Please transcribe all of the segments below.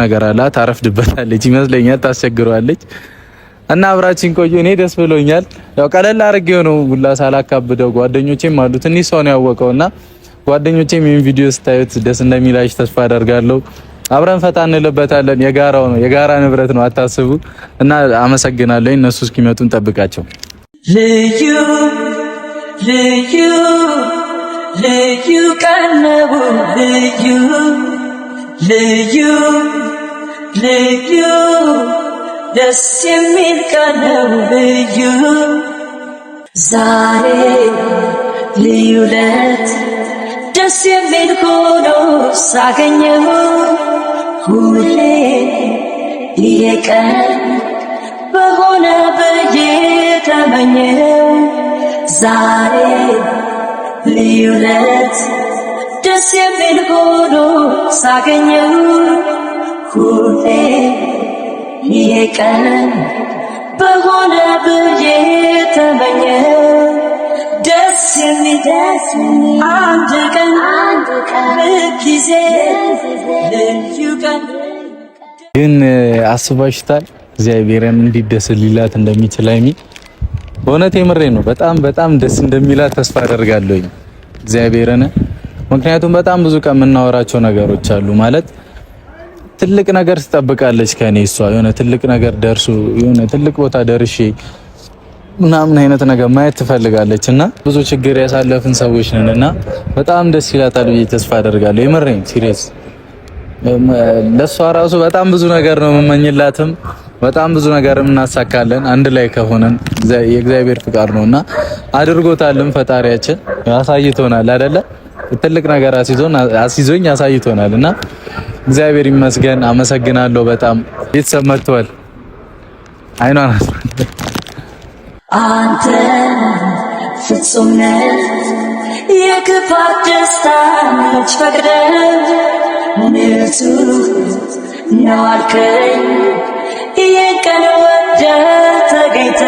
ነገር አላ ታረፍድበታለች ይመስለኛል፣ ታስቸግረዋለች። እና አብራችን ቆዩ። እኔ ደስ ብሎኛል። ያው ቀለል አድርጌው ነው ጉላ ሳላካብደው። ጓደኞቼም አሉት እኔ ሰው ነው ያወቀውና ጓደኞቼም ይህን ቪዲዮ ስታዩት ደስ እንደሚላሽ ተስፋ አደርጋለሁ። አብረን ፈታ እንልበታለን። የጋራው ነው፣ የጋራ ንብረት ነው፣ አታስቡ። እና አመሰግናለሁ። እነሱ እስኪመጡ እንጠብቃቸው። ልዩ ልዩ ልዩ ቀን ልዩ ልዩ ልዩ ደስ የሚል ቀነው ልዩ ዛሬ ልዩ ዕለት ደስ የሚል ሆኖ ሳገኘሁ ሁሌ እየቀን በሆነ ብዬ ተመኘው ዛሬ ልዩ ዕለት ደስ የሚል ሆኖ ሳገኘው ሁሌ ይሄ ቀን በሆነ ብዬ ተመኘ ደስ የሚል አንድ ቀን ጊዜ ልዩ ቀን ግን አስባሽታል እግዚአብሔርን እንዲደስ ሊላት እንደሚችል ሀይሚ በእውነት የምሬ ነው። በጣም በጣም ደስ እንደሚላት ተስፋ አደርጋለሁኝ እግዚአብሔርን ምክንያቱም በጣም ብዙ ከምናወራቸው ነገሮች አሉ። ማለት ትልቅ ነገር ትጠብቃለች ከኔ እሷ የሆነ ትልቅ ነገር ደርሱ የሆነ ትልቅ ቦታ ደርሼ ምናምን አይነት ነገር ማየት ትፈልጋለች እና ብዙ ችግር ያሳለፍን ሰዎች ነን እና በጣም ደስ ይላታል ብዬ ተስፋ አደርጋለሁ። የምሬን ሲሪየስ ለእሷ ራሱ በጣም ብዙ ነገር ነው የምመኝላትም በጣም ብዙ ነገርም እናሳካለን አንድ ላይ ከሆነን የእግዚአብሔር ፍቃድ ነው እና አድርጎታልም ፈጣሪያችን ያሳይቶናል አይደለ ትልቅ ነገር አስይዞን አስይዞኝ አሳይቶናል እና እግዚአብሔር ይመስገን። አመሰግናለሁ በጣም ቤተሰብ መጥተዋል። አይኗ አንተ ፍጹም ነህ የክፋት ደስታ መች ፈቅደ ንጹህ ነው አልከኝ የቀን ወደ ተገኝተ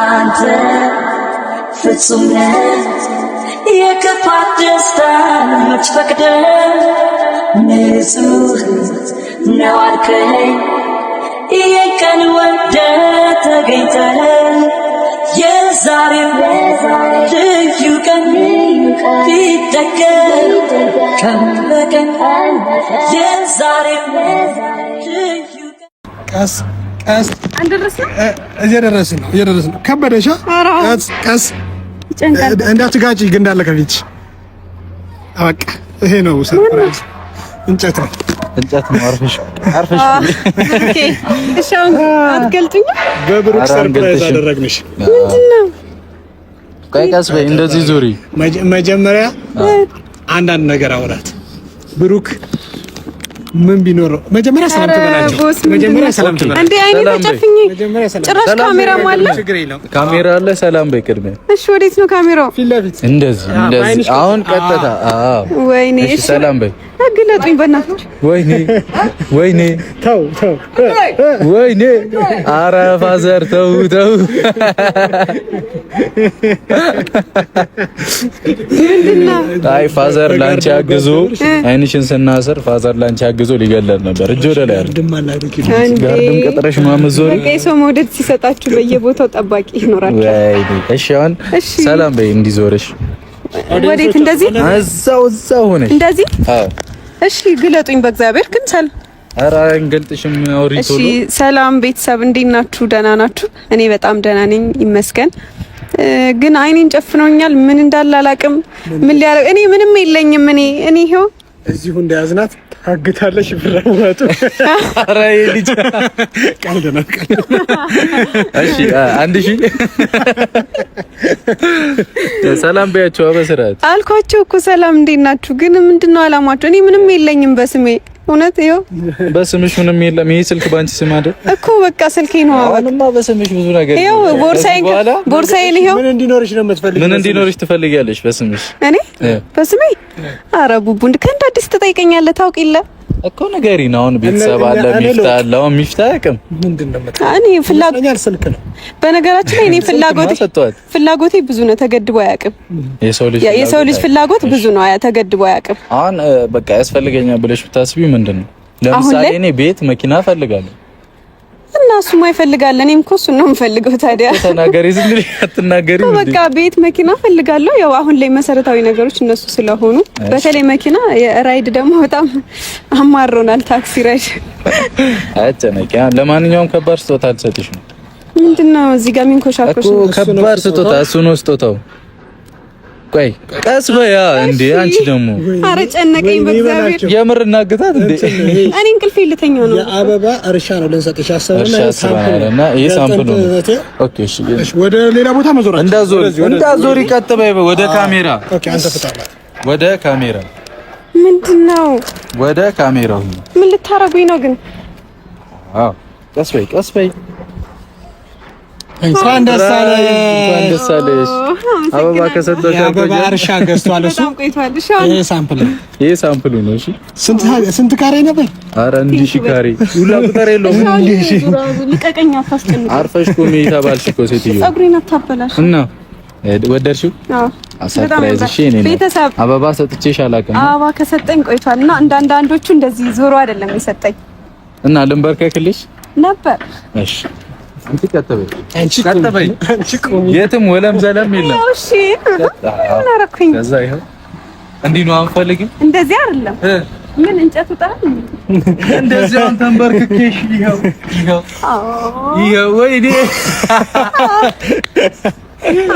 አንተ ፍጹም ነህ የከፋት ደስታ ፈቅደህ ንጹህ ነው አልከኝ። የቀን ወደህ ተገኝተህ የዛሬው ልዩ ቀን ቢደገም ቀን በቀን የዛሬው ቀስ ቀስ እየደረስን ነው እየደረስን ነው ከበደሻ ቀስ ቀስ እንዳትጋጭ ግንዳለ ከፊት በቃ ይሄ ነው። ሰርፕራይዝ እንጨት ነው እንጨት ነው። አርፈሽ አርፈሽ። ኦኬ እሺ፣ አሁን አትገልጥኝ። በብሩክ ሰርፕራይዝ አደረግንሽ። ምንድነው? ቆይ ቀስ በይ፣ እንደዚህ ዙሪ። መጀመሪያ አንዳንድ ነገር አውራት ብሩክ ምን ቢኖረው መጀመሪያ ሰላም ትበላቸው። መጀመሪያ ሰላም ትበላቸው። እንዴ አይኔ ተጨፍኝ። ጭራሽ ካሜራ ማለ ካሜራ አለ። ሰላም በይ እሺ፣ ወዴት ነው ካሜራው? ፊት ለፊት እንደዚህ፣ እንደዚህ። አሁን ቀጥታ። አዎ፣ ወይኔ። እሺ፣ ሰላም በይ። አግለጡኝ በእናትሽ። ወይኔ፣ ወይኔ፣ ተው፣ ተው፣ ወይኔ። ኧረ ፋዘር ተው፣ ተው። ምንድን ነው? አይ ፋዘር ላንቺ አግዙ። አይንሽን ስናስር ፋዘር ላንቺ አግዞ ሊገለል ነበር። እጅ ወደ ላይ ጋርድም ቀጥረሽ ማመዞሪ ሰው መውደድ ሲሰጣችሁ በየቦታው ጠባቂ ይኖራችኋል። እሺ አሁን ሰላም በይ። እንዲዞርሽ ወዴት? እንደዚህ እዛው እዛው ሆነሽ እንደዚህ። እሺ ግለጡኝ። በእግዚአብሔር ክንሰል አራ ኧረ እንገልጥሽም። አውሪቶ እሺ ሰላም ቤተሰብ፣ እንዴት ናችሁ? ደህና ናችሁ? እኔ በጣም ደህና ነኝ ይመስገን። ግን አይኔን ጨፍኖኛል። ምን እንዳላላቅም ምን ሊያረግ እኔ ምንም የለኝም። እኔ እኔ ይሄው እዚሁ እንደያዝናት አግታለሽ ብር አዋጡ። ኧረ ልጅ ቀልድ ነው ቀልድ። እሺ አንድ ሺ ሰላም በያቸው። በስርዓት አልኳቸው እኮ ሰላም እንዴት ናችሁ? ግን ምንድነው አላማቸው? እኔ ምንም የለኝም በስሜ እውነት ይኸው በስምሽ ምንም የለም። ይሄ ስልክ ባንቺ ስም አይደል እኮ በቃ ስልኬ ነው። አሁንማ በስምሽ ብዙ ነገር ይኸው ቦርሳዬን ቦርሳዬን ይኸው ምን እንዲኖርሽ ነው የምትፈልጊው? ምን እንዲኖርሽ ትፈልጊያለሽ በስምሽ? እኔ በስሜ ኧረ ቡቡ እንደ ከእንደ አዲስ ትጠይቀኛለህ ታውቅ የለ እኮ ንገሪኝ። አሁን ቤተሰብ አለ፣ ሚፍታ አለ። አሁን ሚፍታ አያውቅም። በነገራችን ላይ እኔ ፍላጎቴ ፍላጎቴ ብዙ ነው፣ ተገድቦ አያውቅም። የሰው ልጅ ፍላጎት ብዙ ነው፣ ተገድቦ አያውቅም። አሁን በቃ ያስፈልገኛል ብለሽ ብታስቢ ምንድን ነው? ለምሳሌ እኔ ቤት፣ መኪና እፈልጋለሁ እና እሱማ ይፈልጋል። እኔም እኮ እሱን ነው የምፈልገው። ታዲያ ተናገሪ ዝም ስል አትናገሪ በቃ ቤት፣ መኪና ፈልጋለሁ። ያው አሁን ላይ መሰረታዊ ነገሮች እነሱ ስለሆኑ በተለይ መኪና፣ የራይድ ደግሞ በጣም አማሮናል። ታክሲ ራይድ አጨነቂ። ለማንኛውም ከባድ ስጦታ አልሰጥሽ ነው ምንድነው እዚህ ጋር ሚንኮሻኮሽ እኮ ከባድ ስጦታ እሱ ነው ስጦታው ቆይ ቀስ በያ እንዴ! አንቺ ደግሞ አረ ጨነቀኝ በእግዚአብሔር። የምር እናግታት እንዴ! እኔ እንቅልፍ ልተኛ ነው። የአበባ እርሻ ነው ልንሰጥሽ አሰብና ሳምፕልና ይሄ ሳምፕል ነው። ኦኬ፣ እሺ። ወደ ሌላ ቦታ መዞር እንዳዞር እንዳዞር ይቀጥበይ ወደ ካሜራ ኦኬ። አንተ ፍታላት ወደ ካሜራ ምንድነው? ወደ ካሜራው ምን ልታረጉኝ ነው ግን? አዎ፣ ቀስ በይ፣ ቀስ በይ እንኳን ደስ አለሽ፣ እንኳን ደስ አለሽ። አበባ ከሰጠሽ አበባ እርሻ ገዝቷል። እሱ ይሄ ሳምፕል ነው፣ ይሄ ሳምፕሉ ነው። እሺ ስንት ስንት ካሬ ነበር? አረ እንዲህ ሺህ ካሬ ሁላ ቁጥር የለውም። እንዲህ ሺህ ልቀቀኝ፣ አታስጨንቅ። አርፈሽ ቁሚ ተባልሽ እኮ ሴትዮው። ፀጉሬን አታበላሽ እና ወደድሽው? ሰርፕራይዝ። እሺ እኔ ቤተሰብ አበባ ሰጥቼሽ አላውቅም። አበባ ከሰጠኝ ቆይቷል እና እንደ አንዳንዶቹ እንደዚህ ዞሮ አይደለም የሰጠኝ እና ልንበርከክልሽ ነበር። እሺ አንቺ ቀጥ አንቺ ቀጥ የትም ወለም ዘለም የለም። እሺ ምን አደረኩኝ? ከዛ ይኸው እንዲህ ነው። አንፈልግም። እንደዚህ አይደለም። ምን እንጨቱ ጣል እንደዚህ አሁን ተንበርክኬሽ፣ ይኸው ይኸው ይኸው። ወይኔ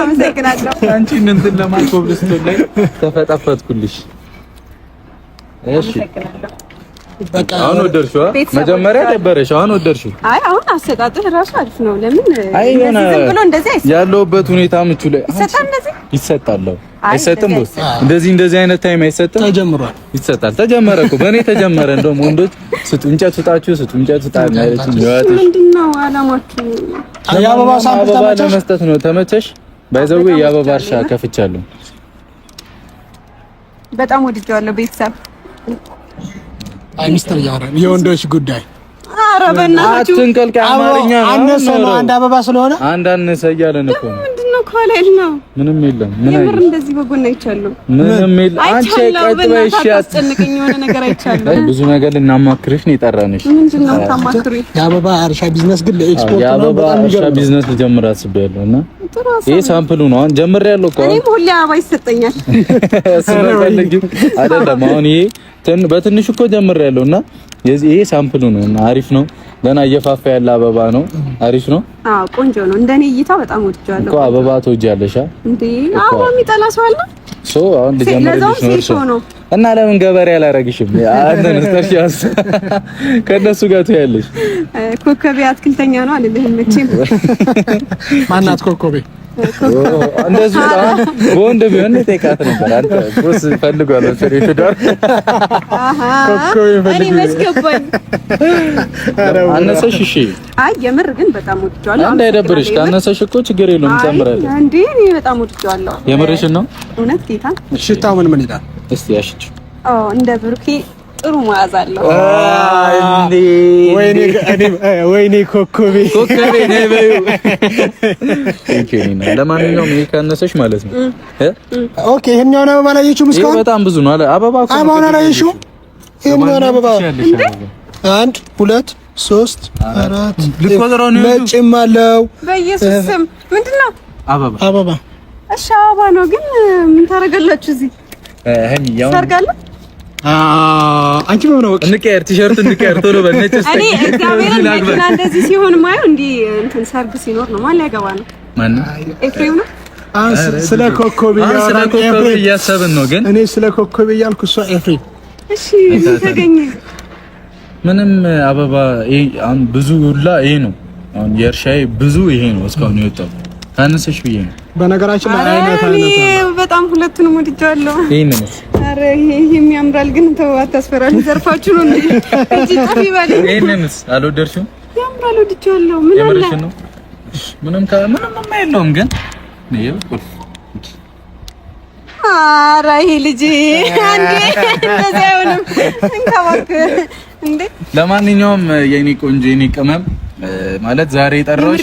አመሰግናለሁ። አንቺን እንትን ለማን ኮብልስቶን ላይ ተፈጠፈጥኩልሽ። እሺ በቃ አሁን ወደድሽው? መጀመሪያ ደበረሽ፣ አሁን ወደድሽው? አይ አሁን አሪፍ ነው። ለምን አይ የሆነ ሁኔታ ምቹ ላይ ይሰጣል። እንደዚህ ይሰጣል። አይሰጥም? እንደዚህ እንደዚህ አይነት ታይም አይሰጥም። ተጀምሯል። ይሰጣል። ተጀመረ እኮ በእኔ ተጀመረ። እንደውም ወንዶች ስጡ እንጨት ስጣችሁ፣ ስጡ እንጨት ስጣ ማለት ነው። ለመስጠት ነው። ተመቸሽ? ባይዘው የአበባ እርሻ ከፍቻለሁ። በጣም ቤተሰብ አይ ሚስጥር የወንዶች ጉዳይ። ኧረ በእናትህ አትንቀልቀ አማርኛ አነሰ ነው። አንድ አበባ ስለሆነ አንድ አነሰ እያለን እኮ ነው። ምንድን ነው ነው? ምንም የለም። ምን አይደል እንደዚህ በጎን አይቻለሁ። ምንም የለም። አንቺ ቀጥ በይ የሆነ ነገር አይቻለሁ። ብዙ ነገር ልናማክርሽ ነው የጠራንሽ። ምንድን ነው ታማክሩኝ? የአበባ እርሻ ቢዝነስ ግን ለኤክስፖርት ነው። የአበባ እርሻ ቢዝነስ ልጀምር አስቤያለሁ እና ይሄ ሳምፕሉ ነው። አሁን ጀምር ያለው እኮ እኔም ሁሌ አበባ ይሰጠኛል። አይደለም አሁን ይሄ በትንሽ እኮ ጀምር ያለው እና ይሄ ሳምፕሉ ነው እና አሪፍ ነው። ገና እየፋፋ ያለ አበባ ነው። አሪፍ ነው። አዎ ቆንጆ ነው። እንደኔ እይታ በጣም ወድጃለሁ እኮ አበባ ትወጃለሻ እንዴ? አበባ የሚጠላ ሰው አለ ሶ አሁን ልጀምርልሽ ነው እና ለምን ገበሬ አላረግሽም? አንተን ስታሽ ያስ ከነሱ ጋር ትያለሽ። ኮከቤ አትክልተኛ ነው አልልህም መቼም። ማናት ኮከቤ? እንደዚህ በወንድ ቢሆን ጠይቃት ነበር። አንተ ቁስ ፈልጓል መሰለኝ ትዳር። አነሰሽ? እሺ። አይ የምር ግን በጣም ወድጄዋለሁ። እንዳይደብርሽ፣ ካነሰሽ እኮ ችግር የለውም እንጨምራለን። እንዴ እኔ በጣም ወድጄዋለሁ። የምርሽን ነው? እውነት ጌታ። ሽታው ምን ምን ይላል? ደስ ያሽጭ። እንደ ብሩኬ ጥሩ መዓዛ አለው። ወይኔ በዩ። ለማንኛውም ይሄ ካነሰሽ ማለት ነው። ኦኬ አበባ አላየሽውም እስካሁን? በጣም ብዙ ነው አበባ አበባ አንድ ሁለት ሶስት አራት አለው። በኢየሱስ ስም ምንድን ነው አበባ አበባ። እሺ አበባ ነው ግን ምን ታደርጋላችሁ እዚህ አንቺ ምን ነው እንቀየር፣ ቲሸርት እንቀየር ቶሎ በል። ነጭ እስቲ እኔ እግዚአብሔርን መኪና እንደዚህ ሲሆን ማየው እንዲ እንትን ሰርግ ሲኖር ነው። ማን ያገባ ነው? ማን ኤፍሬም ነው። ስለ ኮከብ እያሰብን ነው፣ ግን እኔ ስለ ኮከብ እያልኩ እሷ ኤፍሬም። እሺ ተገኘ ምንም አበባ አሁን ብዙ ሁላ ይሄ ነው። አሁን የእርሻዬ ብዙ ይሄ ነው። እስካሁን የወጣው ታነሰሽ ብዬ ነው በነገራችን ላይ አይነት አይነት በጣም ሁለቱንም ወድጃለሁ። ነው አረ ይሄም ያምራል፣ ግን ተው አታስፈራል። ዘርፋችሁ ነው እንዴ? እጂ ጠፊ ባለ ይሄን ይሄንን አልወደድሽም? ያምራል፣ ወድጃለሁ። ምን አለ ነው ምንም ምንም የለውም፣ ግን ነው ቁልፍ አረ ይሄ ልጅ አንዴ እንደዛ አይሆንም። እንካባክ እንዴ። ለማንኛውም የኔ ቆንጆ የኔ ቅመም ማለት ዛሬ የጠራሁሽ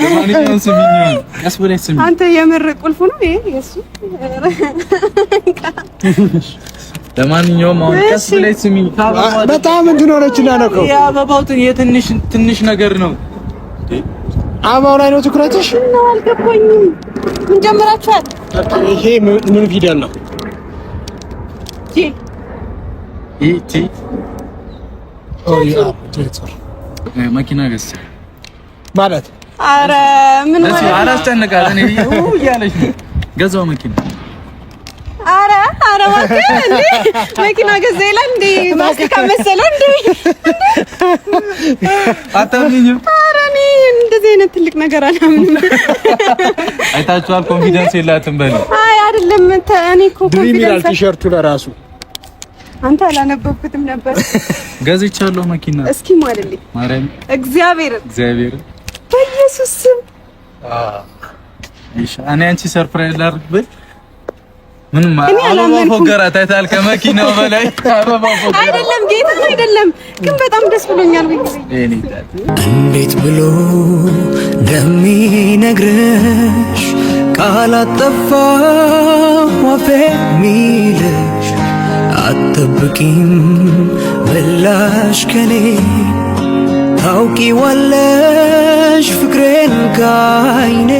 ለማንኛውም ስሚኝ፣ ቀስ ብለሽ ስሚኝ። አንተ የምር ቁልፍ ነው ይሄ የእሱ። ለማንኛውም አሁን ቀስ ብለሽ ስሚኝ። በጣም እንድኖረች እናነቀው። የአበባው የትንሽ ትንሽ ነገር ነው። አበባው ላይ ነው ትኩረትሽ? ነው አልገባኝም። ምን ጀምራችኋል? ይሄ ምን ፊደል ነው? ቲ ቲ መኪና ማለት ኧረ ምን ማለት ነው? አላስጨንቃት እኔ እያለች ነው። ገዛው መኪና አረ አረ እባክህ እንዴ መኪና ገዛ ይላል እንዴ? ማስቲካ መሰለው እንዴ? አታምኝም? አረ እኔ እንደዚህ አይነት ትልቅ ነገር አላምንም። አይታችኋል፣ ኮንፊደንስ የላትም በል። አይ አይደለም፣ እኔ እኮ ድሪም ይላል ቲሸርቱ ለራሱ። አንተ አላነበብኩትም ነበር። ገዝቻለሁ መኪና። እስኪ ማለልኝ ማርያም፣ እግዚአብሔር እግዚአብሔር በኢየሱስ ስም እኔ አንቺ ሰርፕራይዝ ላድርግ ብል ምንም አበባ ፎገራ ታይታል። ከመኪናው በላይ አበባ ፎገራ አይደለም፣ ጌታ አይደለም። ግን በጣም ደስ ብሎኛል። እንዴት ብሎ እንደሚነግርሽ ቃል አጠፋ ዋፌ ሚልሽ አጠብቂም በላሽ ከኔ ታውቂዋለሽ ፍቅሬን ከዓይኔ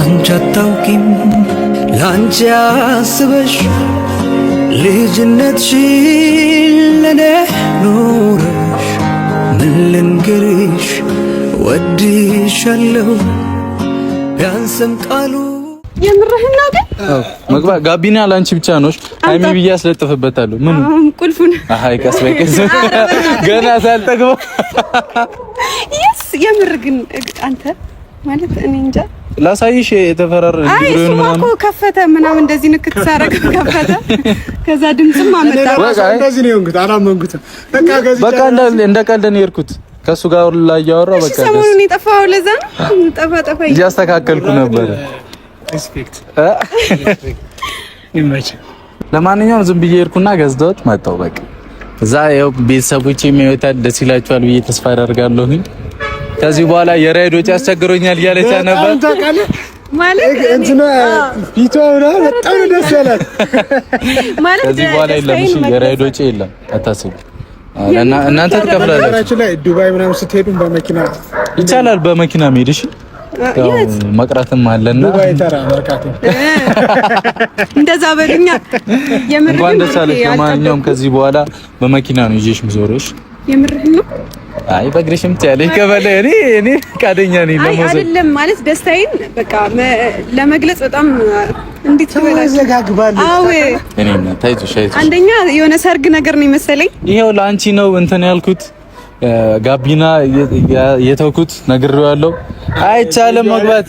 አንቺ አታውቂም ለአንቺ አስበሽ ልጅነትሽን ለኔ ኖረሽ ምን ልንገርሽ ወድሻለሁ ቢያንስም ቃሉ የምርህን ነው ግን? መግባት ጋቢና ላንቺ ብቻ ነው። ሃይሚ ብዬ አስለጥፍበታለሁ። ምን ቁልፉን አይ ቀስ በቀስ ገና ሳልጠግበው ይስ የምር ግን አንተ ማለት እኔ እንጃ ላሳይሽ የተፈራረ ድሮን ምናምን አይ ከፈተ ምናምን እንደዚህ ንክት ሳረግ ከፈተ። ከዛ ድምጽም አመጣ። እንደዚህ ነው እንግዲህ አላመንኩትም። በቃ እንደ ቀልድ ነው የሄድኩት ከሱ ጋር ላይ እያወራሁ በቃ ሰሞኑን የጠፋኸው ለዛ ጠፋ ጠፋ እያስተካከልኩ ነበረ ለማንኛውም ዝም ብዬ ሄድኩና ገዝተውት መጣሁ። በቃ እዛ ያው ቤተሰቦቼ የሚወጣ ደስ ይላቸዋል ብዬ ተስፋ አደርጋለሁ። ከዚህ በኋላ የራይድ ወጪ አስቸግሮኛል እያለች ነበር ማለት እንትና ፊቷ በጣም ደስ ያላት ማለት ከዚህ በኋላ የለም። እሺ የራይድ ወጪ የለም አታስቡ። እናንተ ትከፍላላችሁ። ዱባይ ምናምን ስትሄዱ በመኪና ይቻላል፣ በመኪና መሄድ እሺ መቅረትም አለና እንደዛ በልኛ። እንኳን ደስ አለሽ። ለማንኛውም ከዚህ በኋላ በመኪና ነው ይዤሽ ምዞሮሽ። የምርህን ነው? አይ በእግርሽም ትያለሽ ከበለ እኔ እኔ ፈቃደኛ ነኝ ለሞዘ አይደለም ማለት ደስታዬን በቃ ለመግለጽ በጣም እንዴት ትበላለሽ? አዎ እኔ ታይቶ ታይቶሽ አንደኛ የሆነ ሰርግ ነገር ነው መሰለኝ። ይሄው ለአንቺ ነው እንትን ያልኩት ጋቢና የተውኩት ነግሬው ያለው አይቻልም፣ መግባት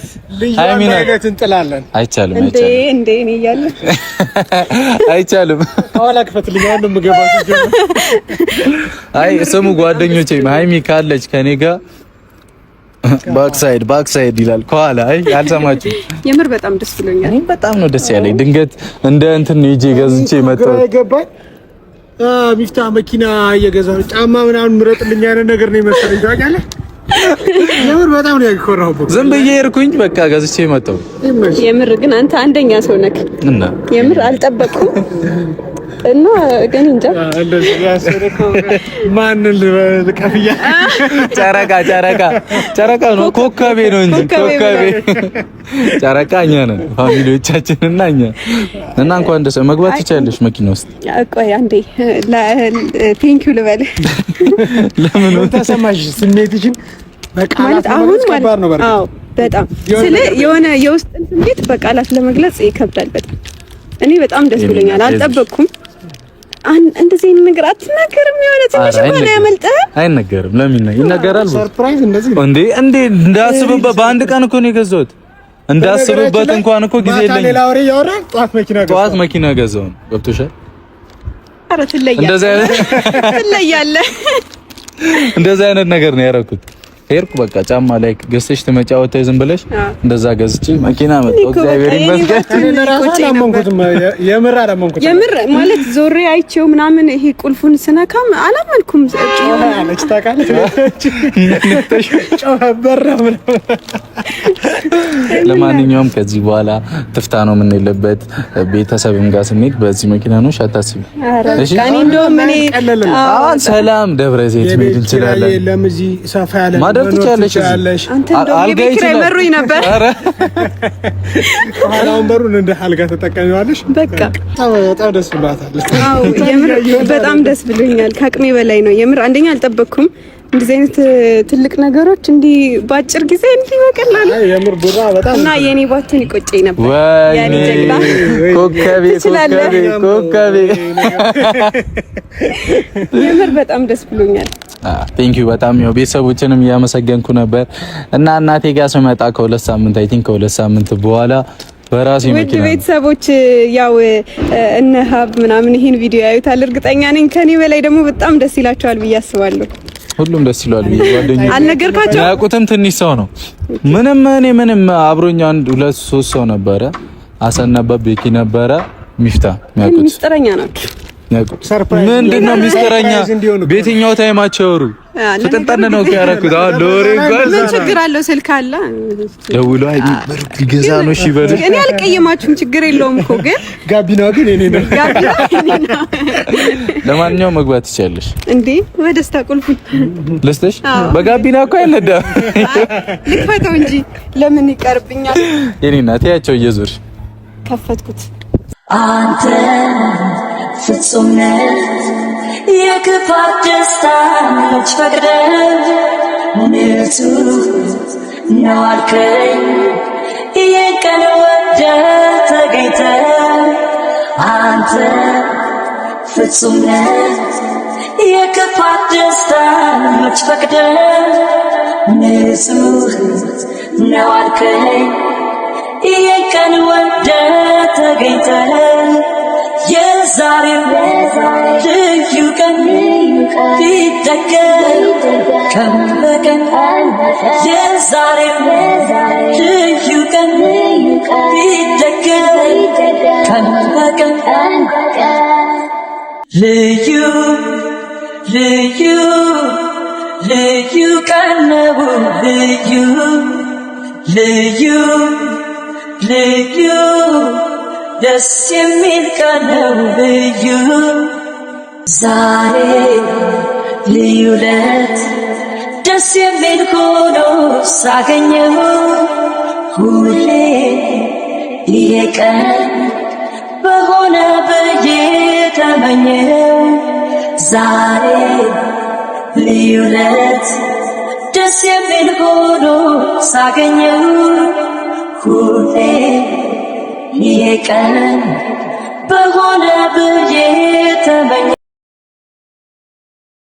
አይሚና እንጥላለን። አይቻልም እንዴ እንዴ ነው ያለ አይቻልም። አይ ስሙ ጓደኞቼ፣ ሃይሚ ካለች ከኔ ጋር ባክሳይድ ባክሳይድ ይላል ከኋላ። አይ አልሰማችሁ። የምር በጣም ደስ ብሎኛል። በጣም ነው ደስ ያለኝ። ድንገት እንደ እንትን ነው ይጄ ገዝቼ መጣሁ። ሚፍታ መኪና እየገዛ ነው ጫማ ምናምን ምረጥልኝ አይነት ነገር ነው የመሰለኝ። ታውቂያለህ፣ የምር በጣም ነው ያኮራሁበት። ዝም ብዬ ሄድኩኝ በቃ ገዝቼ መጣሁ። የምር ግን አንተ አንደኛ ሰው ነክ እና የምር አልጠበቅኩም እና ግን እንጃ ማንን ልቀፍያ ጨረቃ ጨረቃ ጨረቃ ነው ኮከቤ ነው እንጂ ኮከቤ ጨረቃ እኛ ነን ፋሚሊዎቻችን እና እኛ እና እንኳን ደስ መግባት ትቻለሽ መኪና ውስጥ ቆይ አንዴ ቴንክ ዩ ልበል ለምን ተሰማሽ ስሜትሽን በቃላት ማለት ከባድ ነው በጣም ስለ የሆነ የውስጥን ስሜት በቃላት ለመግለጽ ይከብዳል በጣም እኔ በጣም ደስ ብሎኛል አልጠበቅኩም እንደዚህ አይነት ነገር አትናገርም። የሆነ ትንሽ እንኳን አያመልጥህም። አይነገርም። ለምን ይነገራል? ሰርፕራይዝ እንደዚህ እንዴ! እንዴ! እንዳስብበት በአንድ ቀን እኮ ነው የገዛሁት። እንዳስብበት እንኳን እኮ ጊዜ የለኝም። ሌላ ወሬ እያወራ ጠዋት መኪና ገዛሁ። ጠዋት መኪና ገዛሁ። ገብቶሻል? ኧረ ትለያለህ፣ ትለያለህ። እንደዚህ አይነት ነገር ነው ያደረኩት። ሄድኩ በቃ ጫማ ላይ ገዝተሽ ትመጫወተ ዝም ብለሽ እንደዛ ገዝቼ መኪና መጣሁ። እግዚአብሔር ይመስገን። የምር ማለት ዞሬ አይቼው ምናምን ይሄ ቁልፉን ስነካም አላመልኩም። ለማንኛውም ከዚህ በኋላ ትፍታ ነው የምንሄድበት። ቤተሰብም ጋር ስንሄድ በዚህ መኪና ነው። ሻታስብ እሺ። ሰላም ደብረ ዘይት መሄድ እንችላለን። መደብደብ ትችያለሽ። አልጋ ይችላል መሩኝ ነበር። ኧረ ወንበሩን እንደ አልጋ ተጠቀሚዋለሽ። በቃ በጣም ደስ ብሏታል። በጣም ደስ ብሎኛል። ከአቅሜ በላይ ነው የምር። አንደኛ አልጠበቅኩም እንደዚህ አይነት ትልቅ ነገሮች እንዲህ በአጭር ጊዜ እንዲህ በቀላሉ የምር ቡራ በጣም እና የኔ ባትን ይቆጨኝ ነበር። ያኔ ጀግና ኮከቤ ኮከቤ ኮከቤ የምር በጣም ደስ ብሎኛል። ቴንክ ah, በጣም ያው ቤተሰቦችንም እያመሰገንኩ ነበር እና እናቴ ጋር ስመጣ ከሁለት ሳምንት አይ ቲንክ ከሁለት ሳምንት በኋላ በራሴ ውድ ቤተሰቦች ያው እነ ሀብ ምናምን ይህን ቪዲዮ ያዩታል እርግጠኛ ነኝ። ከኔ በላይ ደግሞ በጣም ደስ ይላቸዋል ብዬ አስባለሁ። ሁሉም ደስ ይለዋል ብዬ ጓደኛዬ አልነገርካቸው ያውቁትም ትንሽ ሰው ነው። ምንም እኔ ምንም አብሮኛ አንድ ሁለት ሶስት ሰው ነበረ። አሰን ነበር፣ ቤኪ ነበረ፣ ሚፍታ ሚያውቁት ሚስጥረኛ ናቸው። ምንድን ነው ሚስጥረኛ? በየትኛው ታይማቸው ያወሩ ፍጥንጥን ነው ያደረኩት። አሁን ለወሬ ምን ችግር አለው? ስልክ አለ ደውሎ አይ ነው። እሺ በል እኔ አልቀየማችሁም፣ ችግር የለውም እኮ ግን ጋቢና ግን እኔ ነው ለማንኛውም መግባት ትችያለሽ እንዴ? በደስታ ቁልፉኝ ልስጥሽ። በጋቢና እኮ አይነዳም። ልክፈተው እንጂ ለምን ይቀርብኛል? የኔ እናት ያቸው እየዞርሽ ከፈትኩት አንተ ፍጹም ነህ የክፋት ደስታን መች ፈቅደህ ንጹህ ነው አልከኝ የቀን ወደህ ተገኝተ አንተ ፍጹም ነህ የክፋት ደስታን መች ፈቅደህ ንጹህ ነው አልከኝ የቀን ወደህ ተገኝተህ የዛሬን ልዩ ቀን ቢደገም ቀን በቀን የዛሬን ልዩ ቀን ቢደገም ቀን በቀን ልዩ ልዩ ልዩ ቀን ነው ልዩ ልዩ ልዩ ደስ የሚል ቀን ልዩ ዛሬ ልዩ ለት ደስ የሚል ሆኖ ሳገኘው ሁሌ ቀን በሆነ ብዬ ዛሬ ልዩ ለት ደስ የሚል ሆኖ ሳገኘው ሁሌ ይሄ ቀን በሆነ ብዬ ተመኘ